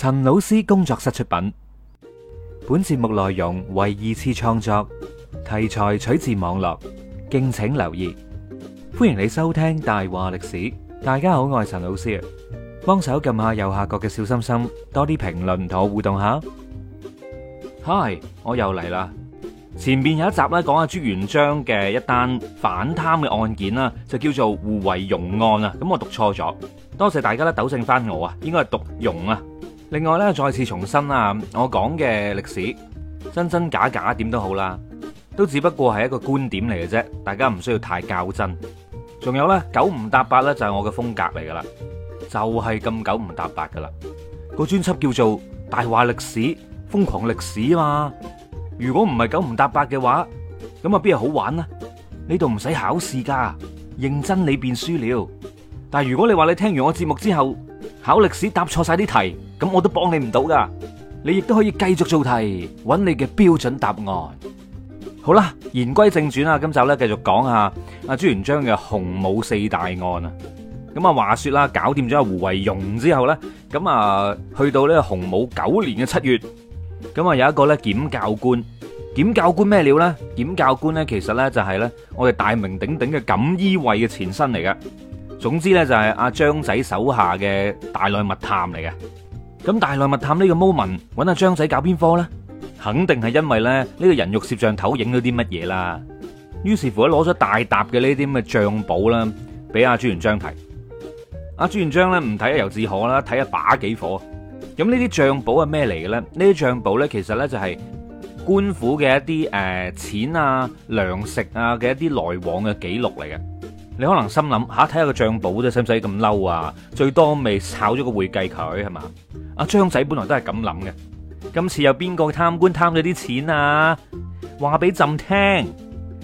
陳老師工作室出品，本節目內容為二次創作，題材取自網絡，敬請留意。歡迎你收聽《大話歷史》。大家好，我係陳老師啊！幫手撳下右下角嘅小心心，多啲評論同我互動下。嗨，我又嚟啦！前面有一集咧講阿朱元璋嘅一單反貪嘅案件啦，就叫做胡惟庸案啊。咁我讀錯咗，多謝大家咧糾正翻我啊，應該係讀庸啊。另外咧，再次重申啊，我講嘅歷史真真假假，點都好啦，都只不過係一個觀點嚟嘅啫。大家唔需要太較真。仲有咧，九唔搭八咧，就係我嘅風格嚟噶啦，就係咁九唔搭八噶啦。個專輯叫做《大話歷史》，瘋狂歷史啊嘛。如果唔係九唔搭八嘅話，咁啊邊係好玩啊？呢度唔使考試噶，認真你便輸了。但係如果你話你聽完我節目之後考歷史答錯晒啲題。咁我都幫你唔到噶，你亦都可以繼續做題，揾你嘅標準答案。好啦，言歸正傳啦，今就咧繼續講吓阿朱元璋嘅洪武四大案啊。咁啊，話說啦，搞掂咗阿胡惟庸之後咧，咁啊去到呢個洪武九年嘅七月，咁啊有一個咧檢教官，檢教官咩料咧？檢教官咧其實咧就係咧我哋大名鼎鼎嘅錦衣衛嘅前身嚟嘅。總之咧就係阿張仔手下嘅大內密探嚟嘅。咁大內密探呢個 moment 揾阿張仔搞邊科咧？肯定係因為咧呢、這個人肉攝像頭，影咗啲乜嘢啦。於是乎咧，攞咗大沓嘅呢啲咁嘅賬簿啦，俾阿朱元璋睇。阿朱元璋咧唔睇阿猶自可啦，睇一把幾火。咁呢啲賬簿係咩嚟嘅咧？呢啲賬簿咧其實咧就係官府嘅一啲誒、呃、錢啊、糧食啊嘅一啲來往嘅記錄嚟嘅。你可能心諗吓睇下個賬簿啫，使唔使咁嬲啊？最多咪炒咗個會計佢係嘛？阿張仔本來都係咁諗嘅。今次有邊個貪官貪咗啲錢啊？話俾朕聽，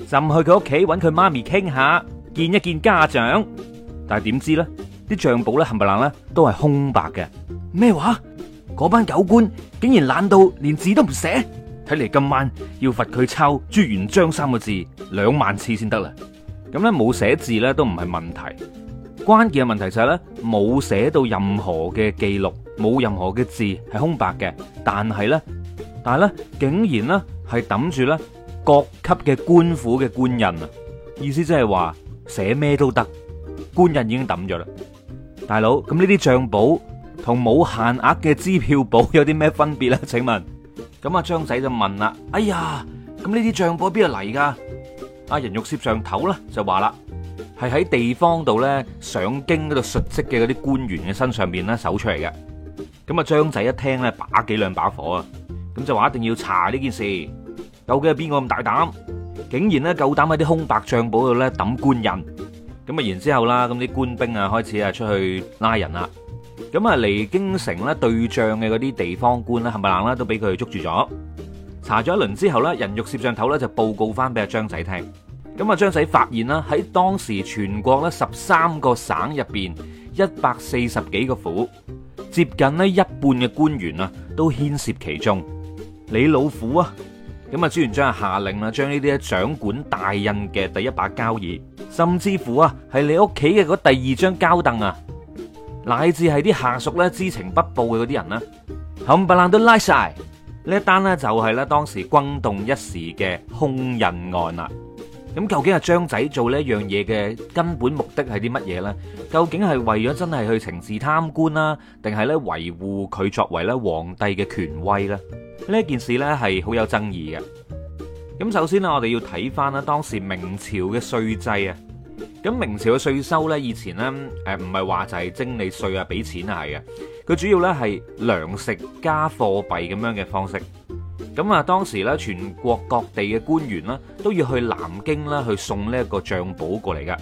朕去佢屋企揾佢媽咪傾下，見一見家長。但係點知咧，啲賬簿咧冚唪唥咧都係空白嘅。咩話？嗰班狗官竟然懶到連字都唔寫。睇嚟，今晚要罰佢抄朱元璋三個字兩萬次先得啦。咁咧冇寫字咧都唔係問題，關鍵嘅問題就係咧冇寫到任何嘅記錄，冇任何嘅字係空白嘅。但係咧，但係咧竟然咧係抌住咧各級嘅官府嘅官印啊，意思即係話，寫咩都得，官印已經抌咗啦，大佬，咁呢啲賬簿同冇限額嘅支票簿有啲咩分別咧？請問，咁啊張仔就問啦，哎呀，咁呢啲賬簿係邊度嚟噶？阿人肉攝像頭咧就話啦，係喺地方度咧上京嗰度述職嘅嗰啲官員嘅身上邊咧搜出嚟嘅。咁啊，張仔一聽咧，把幾兩把火啊！咁就話一定要查呢件事，究竟係邊個咁大膽，竟然咧夠膽喺啲空白帳簿度咧揼官印。咁啊，然之後啦，咁啲官兵啊開始啊出去拉人啦。咁啊，嚟京城咧對帳嘅嗰啲地方官啦，冚唪唥啦都俾佢捉住咗。查咗一輪之後咧，人肉攝像頭咧就報告翻俾阿張仔聽。咁啊，張仔發現啦，喺當時全國咧十三個省入邊，一百四十幾個府，接近咧一半嘅官員啊，都牽涉其中。你老虎啊，咁啊，朱元璋下令啦，將呢啲掌管大印嘅第一把交椅，甚至乎啊，係你屋企嘅第二張膠凳啊，乃至係啲下屬咧知情不報嘅嗰啲人啊，冚唪唥都拉晒。呢一單呢，就係咧當時轟動一時嘅兇印案啦。咁究竟阿張仔做呢一樣嘢嘅根本目的係啲乜嘢呢？究竟係為咗真係去懲治貪官啦，定係咧維護佢作為咧皇帝嘅權威呢？呢件事呢，係好有爭議嘅。咁首先呢，我哋要睇翻咧當時明朝嘅稅制啊。咁明朝嘅稅收呢，以前呢，誒，唔係話就係徵你稅啊，俾錢啊，係嘅。佢主要呢係糧食加貨幣咁樣嘅方式。咁啊，當時呢，全國各地嘅官員呢，都要去南京啦，去送呢一個賬簿過嚟㗎。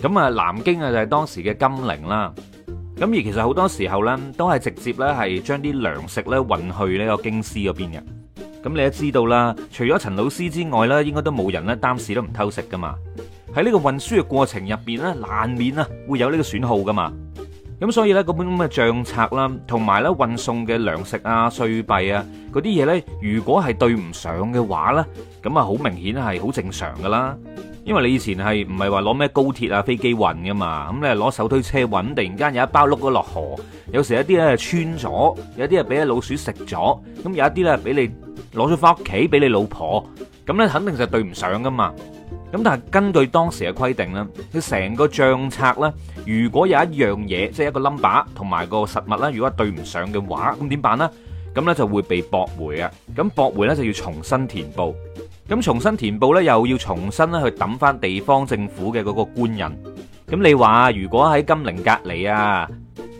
咁啊，南京啊就係當時嘅金陵啦。咁而其實好多時候呢，都係直接呢係將啲糧食呢運去呢個京師嗰邊嘅。咁你都知道啦，除咗陳老師之外呢，應該都冇人呢，擔屎都唔偷食噶嘛。喺呢個運輸嘅過程入邊呢，難免啊會有呢個損耗噶嘛。咁所以呢，嗰本咁嘅帳冊啦，同埋呢運送嘅糧食啊、碎幣啊嗰啲嘢呢，如果係對唔上嘅話呢，咁啊好明顯係好正常噶啦。因為你以前係唔係話攞咩高鐵啊、飛機運噶嘛？咁、嗯、你攞手推車運，突然間有一包碌咗落河，有時一啲呢係穿咗，有啲係俾老鼠食咗，咁、嗯、有一啲呢俾你攞咗翻屋企俾你老婆，咁呢肯定就對唔上噶嘛。咁但係根據當時嘅規定咧，佢成個帳冊咧，如果有一樣嘢即係一個 number 同埋個實物咧，如果對唔上嘅話，咁點辦咧？咁咧就會被駁回呀。咁駁回咧就要重新填報。咁重新填報咧又要重新咧去揼翻地方政府嘅嗰個官印。咁你話如果喺金陵隔離啊，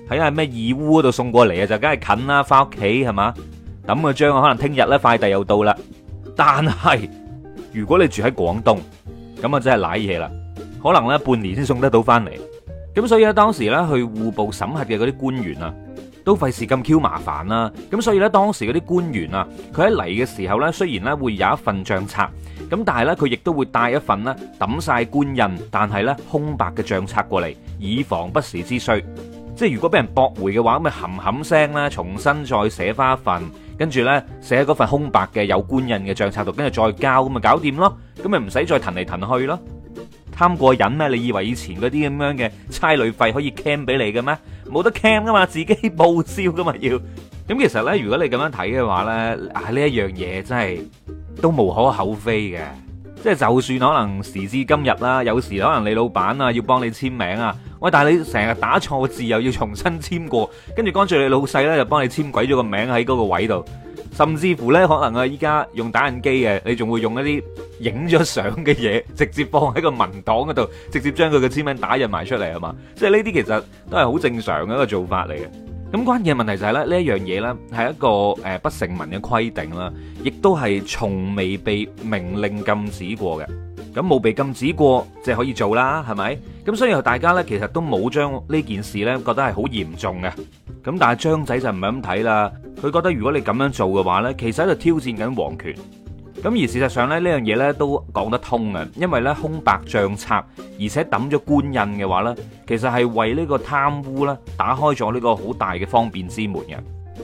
喺咩義烏嗰度送過嚟啊，就梗係近啦，翻屋企係嘛？揼個章可能聽日咧快遞又到啦。但係如果你住喺廣東。咁啊，就真係瀨嘢啦！可能咧半年先送得到翻嚟，咁所以呢，當時呢去戶部審核嘅嗰啲官員啊，都費事咁 Q 麻煩啦。咁所以呢，當時嗰啲官員啊，佢喺嚟嘅時候呢，雖然呢會有一份賬冊，咁但係呢，佢亦都會帶一份呢抌晒官印，但係呢空白嘅賬冊過嚟，以防不時之需。即係如果俾人駁回嘅話，咁咪冚冚聲啦，重新再寫翻一份。跟住咧，寫喺嗰份空白嘅有官印嘅帳冊度，跟住再交咁咪搞掂咯。咁咪唔使再騰嚟騰去咯。貪過癮咩？你以為以前嗰啲咁樣嘅差旅費可以 can 俾你嘅咩？冇得 can 噶嘛，自己報銷噶嘛要。咁其實咧，如果你咁樣睇嘅話咧，啊，呢一樣嘢真係都無可厚非嘅。即係就算可能時至今日啦，有時可能你老闆啊要幫你簽名啊，喂！但係你成日打錯字又要重新簽過，跟住乾脆你老細咧就幫你簽鬼咗個名喺嗰個位度，甚至乎呢，可能啊依家用打印機嘅，你仲會用一啲影咗相嘅嘢，直接放喺個文檔嗰度，直接將佢嘅簽名打印埋出嚟啊嘛！即係呢啲其實都係好正常嘅一個做法嚟嘅。咁關鍵嘅問題就係咧，呢一樣嘢咧係一個誒不成文嘅規定啦，亦都係從未被明令禁止過嘅。咁冇被禁止過，即係可以做啦，係咪？咁所以大家咧其實都冇將呢件事咧覺得係好嚴重嘅。咁但係張仔就唔係咁睇啦，佢覺得如果你咁樣做嘅話咧，其實喺度挑戰緊皇權。咁而事實上咧，呢樣嘢咧都講得通嘅，因為咧空白帳冊，而且抌咗官印嘅話咧，其實係為呢個貪污啦，打開咗呢個好大嘅方便之門嘅。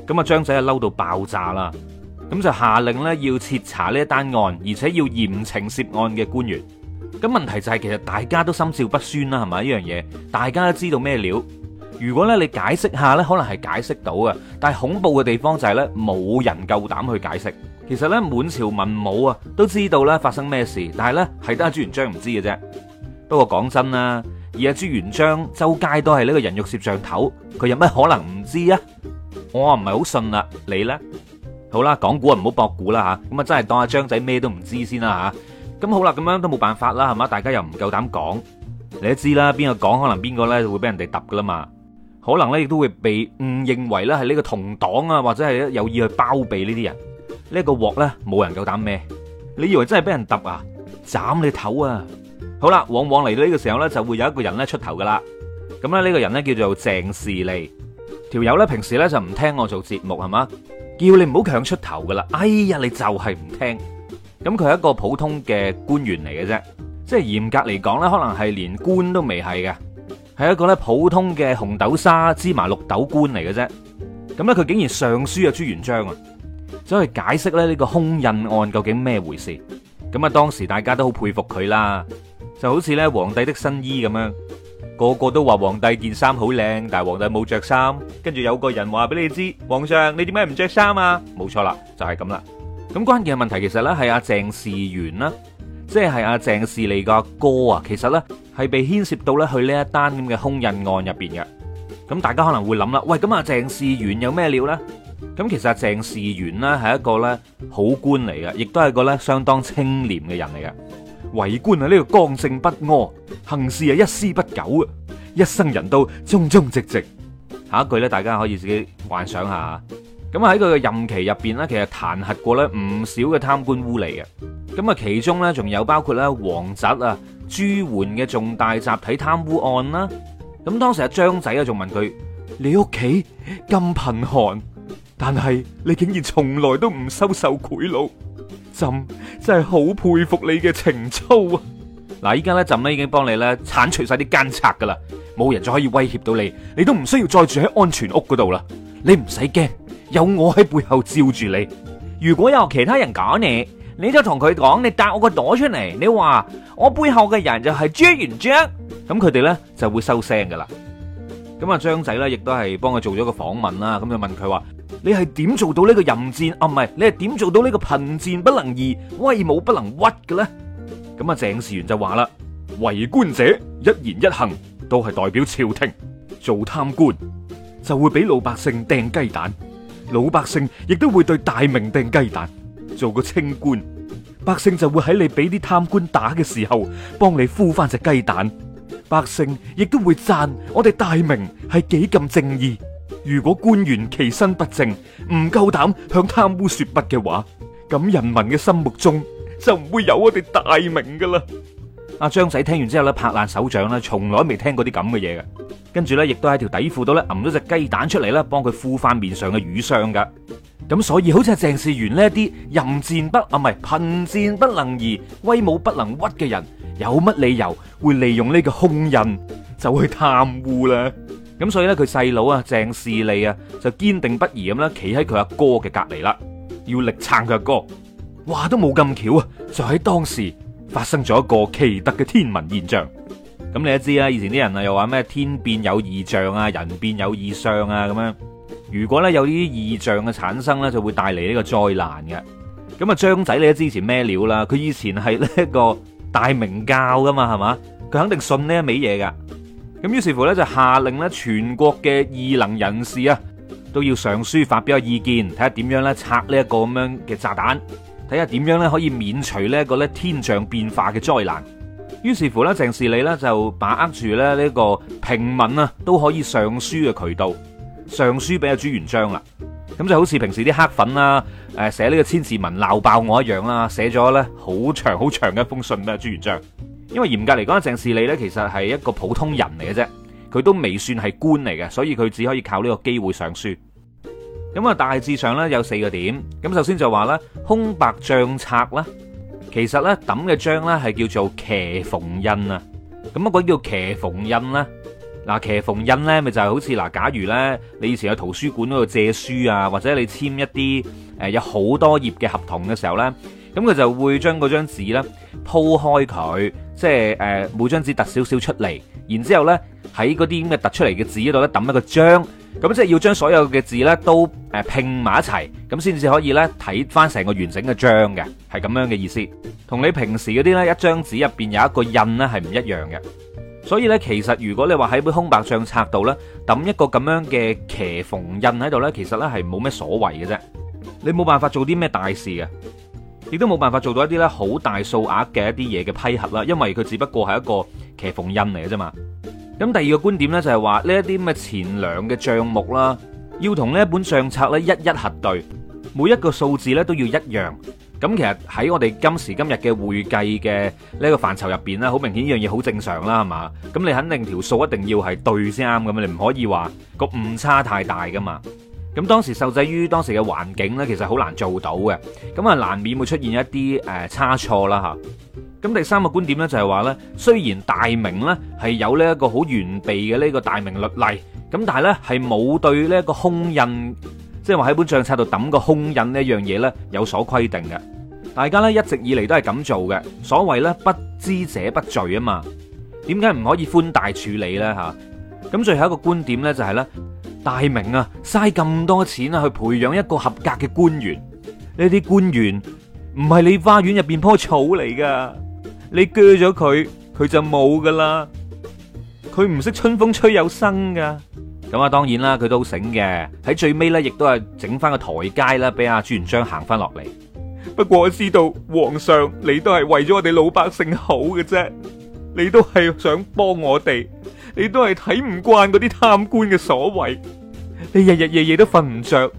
咁啊張仔啊嬲到爆炸啦，咁就下令咧要徹查呢一單案，而且要嚴懲涉案嘅官員。咁問題就係，其實大家都心照不宣啦，係咪呢樣嘢？大家都知道咩料？如果呢，你解釋下咧，可能係解釋到嘅，但係恐怖嘅地方就係咧冇人夠膽去解釋。其實咧滿朝文武啊都知道啦發生咩事，但係咧係得阿朱元璋唔知嘅啫。不過講真啦，而阿朱元璋周街都係呢個人肉攝像頭，佢有咩可能唔知啊？我唔係好信啦，你咧好啦，講古啊唔好博古啦吓，咁啊真係當阿張仔咩都唔知先啦吓。咁、啊、好啦，咁樣都冇辦法啦係嘛，大家又唔夠膽講，你都知啦，邊個講可能邊個咧會俾人哋揼噶啦嘛，可能咧亦都會被誤認為咧係呢個同黨啊，或者係有意去包庇呢啲人。呢個鑊咧冇人夠膽孭，你以為真係俾人揼啊，斬你頭啊！好啦，往往嚟到，呢個時候咧，就會有一個人咧出頭噶啦。咁咧呢個人咧叫做鄭士利，條友咧平時咧就唔聽我做節目係嘛，叫你唔好強出頭噶啦。哎呀，你就係唔聽。咁佢係一個普通嘅官員嚟嘅啫，即係嚴格嚟講咧，可能係連官都未係嘅，係一個咧普通嘅紅豆沙、芝麻綠豆官嚟嘅啫。咁咧佢竟然上書啊朱元璋啊！走去解釋咧呢個空印案究竟咩回事？咁啊，當時大家都好佩服佢啦，就好似咧皇帝的新衣咁樣，個個都話皇帝件衫好靚，但係皇帝冇着衫，跟住有個人話俾你知，皇上你點解唔着衫啊？冇錯啦，就係咁啦。咁關鍵嘅問題其實咧係阿鄭士元啦，即係係阿鄭士利個哥啊，其實咧係被牽涉到咧去呢一單咁嘅空印案入邊嘅。咁大家可能會諗啦，喂，咁阿鄭士元有咩料咧？咁其實鄭士元呢係一個咧好官嚟嘅，亦都係一個咧相當清廉嘅人嚟嘅。為官啊呢個剛正不阿，行事啊一絲不苟啊，一生人都忠忠直直。下一句咧，大家可以自己幻想下。咁啊喺佢嘅任期入邊咧，其實彈劾過咧唔少嘅貪官污吏嘅。咁、嗯、啊其中咧仲有包括咧王澤啊朱煥嘅重大集體貪污案啦。咁、嗯、當時阿張仔啊仲問佢：你屋企咁貧寒？但係你竟然從來都唔收受賄賂，朕真係好佩服你嘅情操啊！嗱，依家咧朕咧已經幫你咧鏟除晒啲奸賊噶啦，冇人就可以威脅到你，你都唔需要再住喺安全屋嗰度啦。你唔使驚，有我喺背後照住你。如果有其他人搞你，你就同佢講，你搭我個朵出嚟，你話我背後嘅人就係朱元璋，咁佢哋咧就會收聲噶啦。咁啊，張仔咧亦都係幫佢做咗個訪問啦，咁就問佢話。你係點做到呢個淫戰啊？唔係，你係點做到呢個貧賤不能移、威武不能屈嘅咧？咁、嗯、啊，鄭士元就話啦，為官者一言一行都係代表朝廷，做貪官就會俾老百姓掟雞蛋，老百姓亦都會對大明掟雞蛋；做個清官，百姓就會喺你俾啲貪官打嘅時候，幫你孵翻隻雞蛋，百姓亦都會讚我哋大明係幾咁正義。如果官員其身不正，唔夠膽向貪污說不嘅話，咁人民嘅心目中就唔會有我哋大明噶啦。阿張、啊、仔聽完之後咧，拍爛手掌啦，從來未聽過啲咁嘅嘢嘅。跟住咧，亦都喺條底褲度咧，揞咗隻雞蛋出嚟啦，幫佢敷翻面上嘅瘀傷噶。咁所以，好似係鄭士元呢一啲淫賤不啊，唔係貧賤不能移、威武不能屈嘅人，有乜理由會利用呢個空印就去貪污咧？咁所以咧，佢細佬啊，鄭士利啊，就堅定不移咁啦，企喺佢阿哥嘅隔離啦，要力撐佢阿哥，哥。哇，都冇咁巧啊！就喺當時發生咗一個奇特嘅天文現象。咁你都知啦，以前啲人啊，又話咩天變有異象啊，人變有異象啊，咁樣。如果咧有呢啲異象嘅產生咧，就會帶嚟呢個災難嘅。咁啊，張仔你都之前咩料啦？佢以前係呢一個大明教噶嘛，係嘛？佢肯定信呢一味嘢噶。咁於是乎咧，就下令咧，全國嘅異能人士啊，都要上書發表個意見，睇下點樣咧拆呢一個咁樣嘅炸彈，睇下點樣咧可以免除呢一個咧天象變化嘅災難。於是乎咧，鄭士利咧就把握住咧呢個平民啊，都可以上書嘅渠道，上書俾阿朱元璋啦。咁就好似平時啲黑粉啦，誒寫呢個千字文鬧爆我一樣啦，寫咗咧好長好長嘅一封信俾阿朱元璋。因為嚴格嚟講，鄭士利咧其實係一個普通人嚟嘅啫，佢都未算係官嚟嘅，所以佢只可以靠呢個機會上書。咁啊，大致上呢，有四個點。咁首先就話呢，空白賬冊啦，其實呢，抌嘅章呢係叫做騎縫印啊。咁乜鬼叫騎縫印呢？嗱，騎縫印呢咪就係好似嗱，假如呢，你以前去圖書館嗰度借書啊，或者你簽一啲誒有好多頁嘅合同嘅時候呢。咁佢就會將嗰張紙咧鋪開佢，即係誒、呃、每張紙凸少少出嚟，然之後咧喺嗰啲咁嘅凸出嚟嘅紙度咧揼一個章，咁即係要將所有嘅字咧都誒拼埋一齊，咁先至可以咧睇翻成個完整嘅章嘅，係咁樣嘅意思。同你平時嗰啲咧一張紙入邊有一個印咧係唔一樣嘅，所以咧其實如果你話喺本空白帳冊度咧揼一個咁樣嘅騎縫印喺度咧，其實咧係冇咩所謂嘅啫，你冇辦法做啲咩大事嘅。亦都冇辦法做到一啲咧好大數額嘅一啲嘢嘅批核啦，因為佢只不過係一個騎縫印嚟嘅啫嘛。咁第二個觀點呢，就係話呢一啲咁嘅前兩嘅帳目啦，要同呢一本帳冊呢一一核對，每一個數字呢都要一樣。咁其實喺我哋今時今日嘅會計嘅呢個範疇入邊呢，好明顯呢樣嘢好正常啦，係嘛？咁你肯定條數一定要係對先啱咁，你唔可以話個誤差太大噶嘛。咁當時受制於當時嘅環境咧，其實好難做到嘅，咁啊難免會出現一啲誒差錯啦嚇。咁第三個觀點咧就係話咧，雖然大明咧係有呢一個好完備嘅呢個大明律例，咁但係咧係冇對呢一個空印，即係話喺本帳冊度揼個空印呢一樣嘢咧有所規定嘅。大家咧一直以嚟都係咁做嘅，所謂咧不知者不罪啊嘛，點解唔可以寬大處理咧嚇？咁最後一個觀點咧就係咧。大明啊，嘥咁多錢啊，去培養一個合格嘅官員。呢啲官員唔係你花園入邊棵草嚟噶，你鋸咗佢，佢就冇噶啦。佢唔識春風吹又生噶。咁啊，當然啦，佢都醒嘅。喺最尾咧，亦都係整翻個台階啦，俾阿、啊、朱元璋行翻落嚟。不過我知道，皇上，你都係為咗我哋老百姓好嘅啫，你都係想幫我哋。你都係睇唔慣嗰啲貪官嘅所為，你日日夜夜都瞓唔着，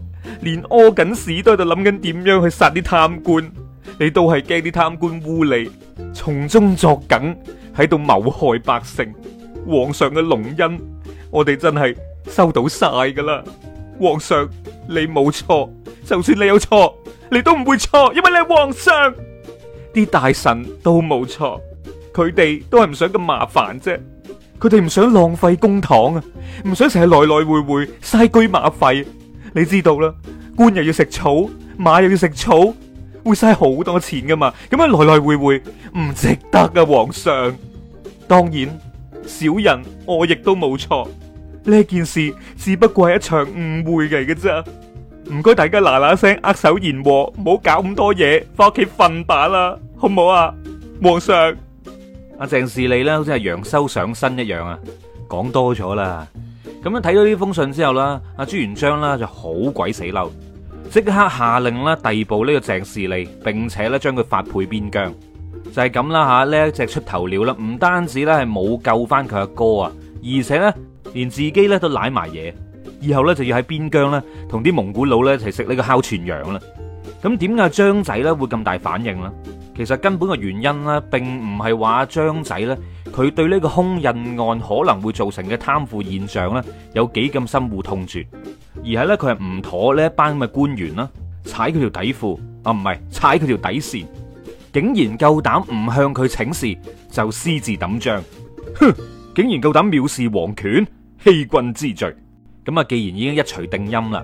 連屙緊屎都喺度諗緊點樣去殺啲貪官。你都係驚啲貪官污吏從中作梗，喺度謀害百姓。皇上嘅龍恩，我哋真係收到晒噶啦。皇上，你冇錯，就算你有錯，你都唔會錯，因為你係皇上。啲大臣都冇錯，佢哋都係唔想咁麻煩啫。佢哋唔想浪費公帑，啊，唔想成日來來回回嘥居馬費，你知道啦，官又要食草，馬又要食草，會嘥好多錢噶嘛，咁樣來來回回唔值得噶。皇上，當然小人我亦都冇錯，呢件事只不過係一場誤會嚟嘅啫。唔該大家嗱嗱聲握手言和，唔好搞咁多嘢，翻屋企瞓吧啦，好唔好啊？皇上。阿鄭士利咧好似係楊修上身一樣啊，講多咗啦。咁樣睇到呢封信之後啦，阿朱元璋啦就好鬼死嬲，即刻下令啦逮捕呢個鄭士利，並且咧將佢發配邊疆。就係咁啦吓，呢一隻出頭鳥啦，唔單止咧係冇救翻佢阿哥啊，而且咧連自己咧都舐埋嘢，以後咧就要喺邊疆咧同啲蒙古佬咧一齊食呢個烤全羊啦。咁點解張仔咧會咁大反應呢？其實根本嘅原因咧，並唔係話張仔咧，佢對呢個空印案可能會造成嘅貪腐現象咧，有幾咁深惡痛絕，而係咧佢係唔妥呢一班咁嘅官員啦，踩佢條底褲啊，唔係踩佢條底線，竟然夠膽唔向佢請示就私自抌章，哼，竟然夠膽藐視皇權，欺君之罪。咁啊，既然已經一錘定音啦，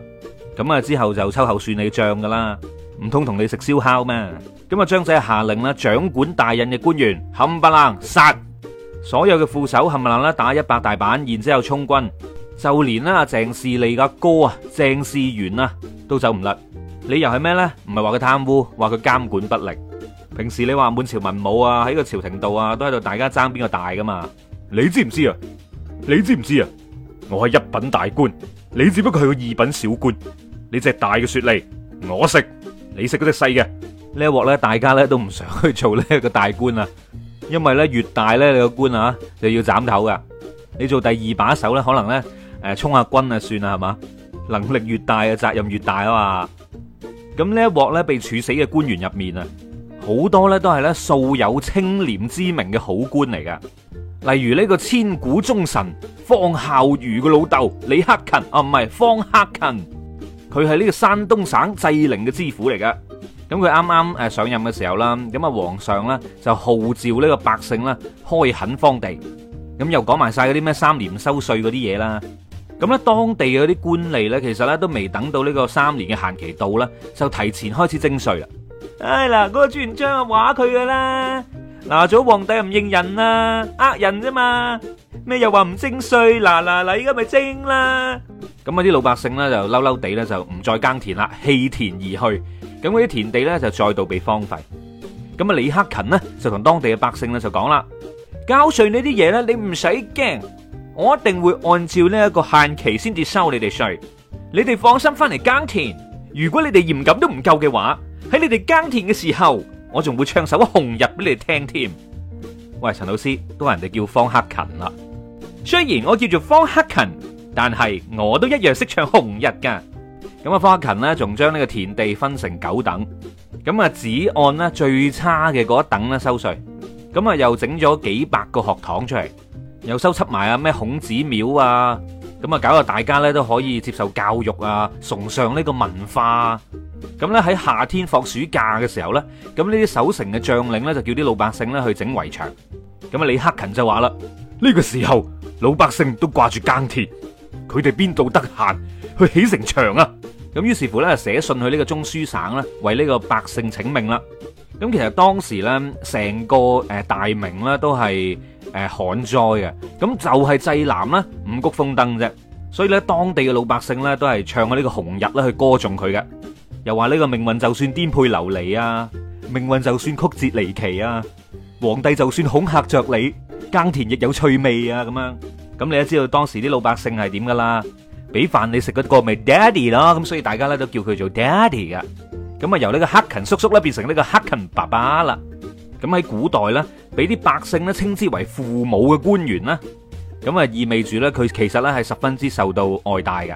咁啊之後就秋後算你賬噶啦。唔通同你食燒烤咩？咁啊，張仔下令啦，掌管大印嘅官員冚唪唥殺，所有嘅副手冚唪唥啦，打一百大板，然之後充軍。就連啦，鄭士利嘅哥啊，鄭士元啦，都走唔甩。理由係咩咧？唔係話佢貪污，話佢監管不力。平時你話滿朝文武啊，喺個朝廷度啊，都喺度大家爭邊個大噶嘛？你知唔知啊？你知唔知啊？我係一品大官，你只不過係個二品小官。你隻大嘅雪梨，我食。你食嗰隻細嘅呢一鑊咧，大家咧都唔想去做呢一個大官啊，因為咧越大咧你個官啊，就要斬頭噶。你做第二把手咧，可能咧誒充下軍啊算啦係嘛，能力越大啊責任越大啊嘛。咁呢一鑊咧被處死嘅官員入面啊，好多咧都係咧素有清廉之名嘅好官嚟噶，例如呢個千古忠臣方孝孺嘅老豆李克勤啊，唔係方克勤。佢係呢個山東省濟寧嘅知府嚟噶，咁佢啱啱誒上任嘅時候啦，咁啊皇上咧就號召呢個百姓咧開墾荒地，咁又講埋晒嗰啲咩三年收稅嗰啲嘢啦，咁咧當地嗰啲官吏咧，其實咧都未等到呢個三年嘅限期到啦，就提前開始徵稅、哎那個、啦。唉嗱，嗰個朱元璋啊，話佢噶啦。嗱，做皇帝又唔應人啦，呃人啫嘛，咩又話唔徵稅，嗱嗱嗱，依家咪徵啦。咁啊，啲老百姓咧就嬲嬲地咧就唔再耕田啦，棄田而去。咁嗰啲田地咧就再度被荒廢。咁啊，李克勤咧就同當地嘅百姓咧就講啦，交稅呢啲嘢咧你唔使驚，我一定會按照呢一個限期，先至收你哋稅，你哋放心翻嚟耕田。如果你哋鹽鹼都唔夠嘅話，喺你哋耕田嘅時候。我仲會唱首《紅日》俾你聽添。喂，陳老師都話人哋叫方克勤啦。雖然我叫做方克勤，但係我都一樣識唱《紅日》噶。咁啊，方克勤呢，仲將呢個田地分成九等，咁啊只按呢最差嘅嗰一等啦收稅。咁啊又整咗幾百個學堂出嚟，又收葺埋啊咩孔子廟啊，咁啊搞到大家呢都可以接受教育啊，崇尚呢個文化。咁咧喺夏天放暑假嘅時候咧，咁呢啲守城嘅將領咧就叫啲老百姓咧去整圍牆。咁啊，李克勤就話啦：呢個時候老百姓都掛住耕田，佢哋邊度得閒去起城牆啊？咁於是乎咧，寫信去呢個中書省咧，為呢個百姓請命啦。咁其實當時咧，成個誒大明咧都係誒旱災嘅，咁就係濟南啦五穀豐登啫，所以咧當地嘅老百姓咧都係唱呢個紅日咧去歌頌佢嘅。又話呢個命運就算顛沛流離啊，命運就算曲折離奇啊，皇帝就算恐嚇着你，耕田亦有趣味啊，咁樣，咁你都知道當時啲老百姓係點噶啦，俾飯你食個咪 Daddy 咯，咁所以大家咧都叫佢做 Daddy 噶，咁啊由呢個黑勤叔叔咧變成呢個黑勤爸爸啦，咁喺古代咧，俾啲百姓咧稱之為父母嘅官員啦，咁啊意味住咧佢其實咧係十分之受到愛戴嘅。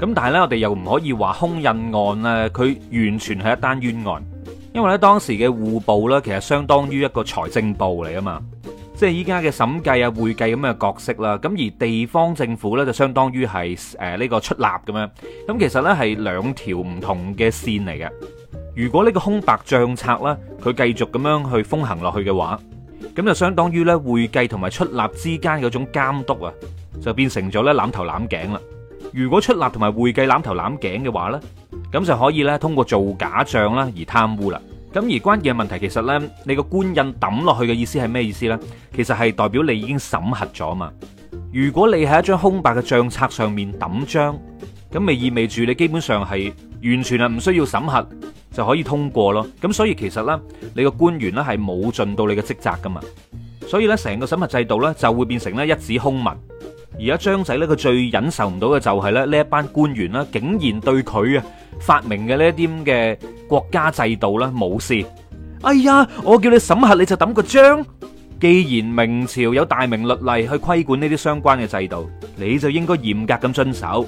咁但係呢，我哋又唔可以話空印案呢，佢完全係一單冤案，因為呢，當時嘅戶部呢，其實相當於一個財政部嚟啊嘛，即係依家嘅審計啊、會計咁嘅角色啦。咁而地方政府呢，就相當於係誒呢個出納咁樣。咁其實呢係兩條唔同嘅線嚟嘅。如果呢個空白賬冊呢，佢繼續咁樣去風行落去嘅話，咁就相當於呢，會計同埋出納之間嗰種監督啊，就變成咗呢攬頭攬頸啦。如果出納同埋會計攬頭攬頸嘅話咧，咁就可以咧通過做假賬啦而貪污啦。咁而關鍵嘅問題其實咧，你個官印抌落去嘅意思係咩意思咧？其實係代表你已經審核咗嘛。如果你喺一張空白嘅賬冊上面抌章，咁咪意味住你基本上係完全係唔需要審核就可以通過咯。咁所以其實咧，你個官員咧係冇盡到你嘅職責噶嘛。所以咧，成個審核制度咧就會變成咧一紙空文。而家張仔呢，佢最忍受唔到嘅就係咧呢一班官員啦，竟然對佢啊發明嘅呢一啲嘅國家制度啦無視。哎呀，我叫你審核你就抌個章。既然明朝有大明律例去規管呢啲相關嘅制度，你就應該嚴格咁遵守，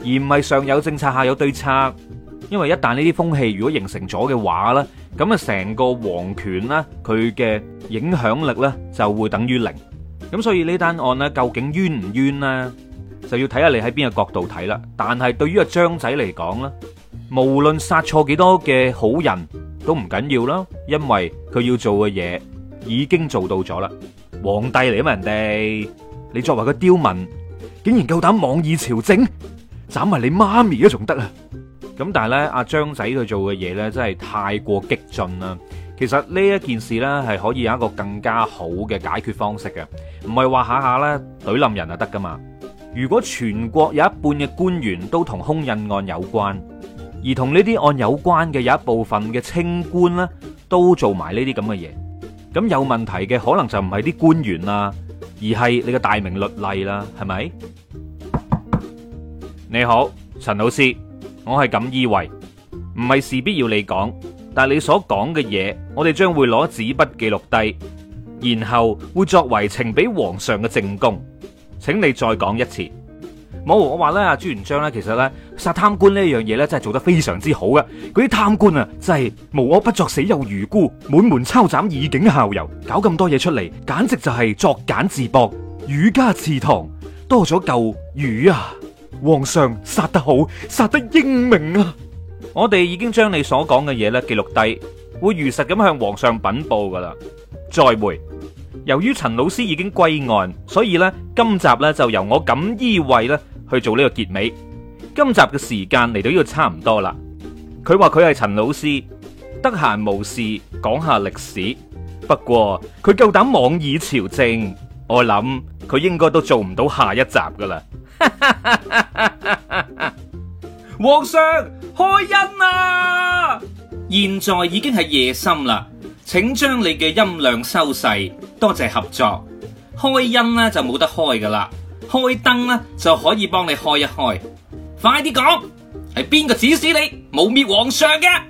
而唔係上有政策下有對策。因為一旦呢啲風氣如果形成咗嘅話咧，咁啊成個皇權啦佢嘅影響力咧就會等於零。咁所以呢單案咧，究竟冤唔冤咧，就要睇下你喺邊個角度睇啦。但係對於阿張仔嚟講咧，無論殺錯幾多嘅好人，都唔緊要啦，因為佢要做嘅嘢已經做到咗啦。皇帝嚟啊嘛，人哋你作為個刁民，竟然夠膽妄議朝政，斬埋你媽咪都仲得啊！咁但係呢，阿張仔佢做嘅嘢呢，真係太過激進啦。其實呢一件事呢，係可以有一個更加好嘅解決方式嘅，唔係話下下呢，懟冧人就得噶嘛。如果全國有一半嘅官員都同空印案有關，而同呢啲案有關嘅有一部分嘅清官呢，都做埋呢啲咁嘅嘢，咁有問題嘅可能就唔係啲官員啦，而係你嘅大明律例啦，係咪？你好，陳老師，我係咁以為，唔係事必要你講。但你所講嘅嘢，我哋將會攞紙筆記錄低，然後會作為呈俾皇上嘅證供。請你再講一次。冇我話咧，阿朱元璋咧，其實咧殺貪官呢樣嘢咧，真係做得非常之好嘅。嗰啲貪官啊，真係無惡不作，死又如故，滿門抄斬以儆效尤，搞咁多嘢出嚟，簡直就係作繭自縛。儒家祠堂多咗舊魚啊！皇上殺得好，殺得英明啊！我哋已經將你所講嘅嘢咧記錄低，會如實咁向皇上稟報噶啦。再會。由於陳老師已經歸案，所以呢，今集呢就由我錦衣衛咧去做呢個結尾。今集嘅時間嚟到呢個差唔多啦。佢話佢係陳老師，得閒無事講下歷史。不過佢夠膽妄議朝政，我諗佢應該都做唔到下一集噶啦。 皇上開恩啊！現在已經係夜深啦，請將你嘅音量收細，多謝合作。開恩呢就冇得開噶啦，開燈呢就可以幫你開一開。快啲講，係邊個指使你污衊皇上嘅？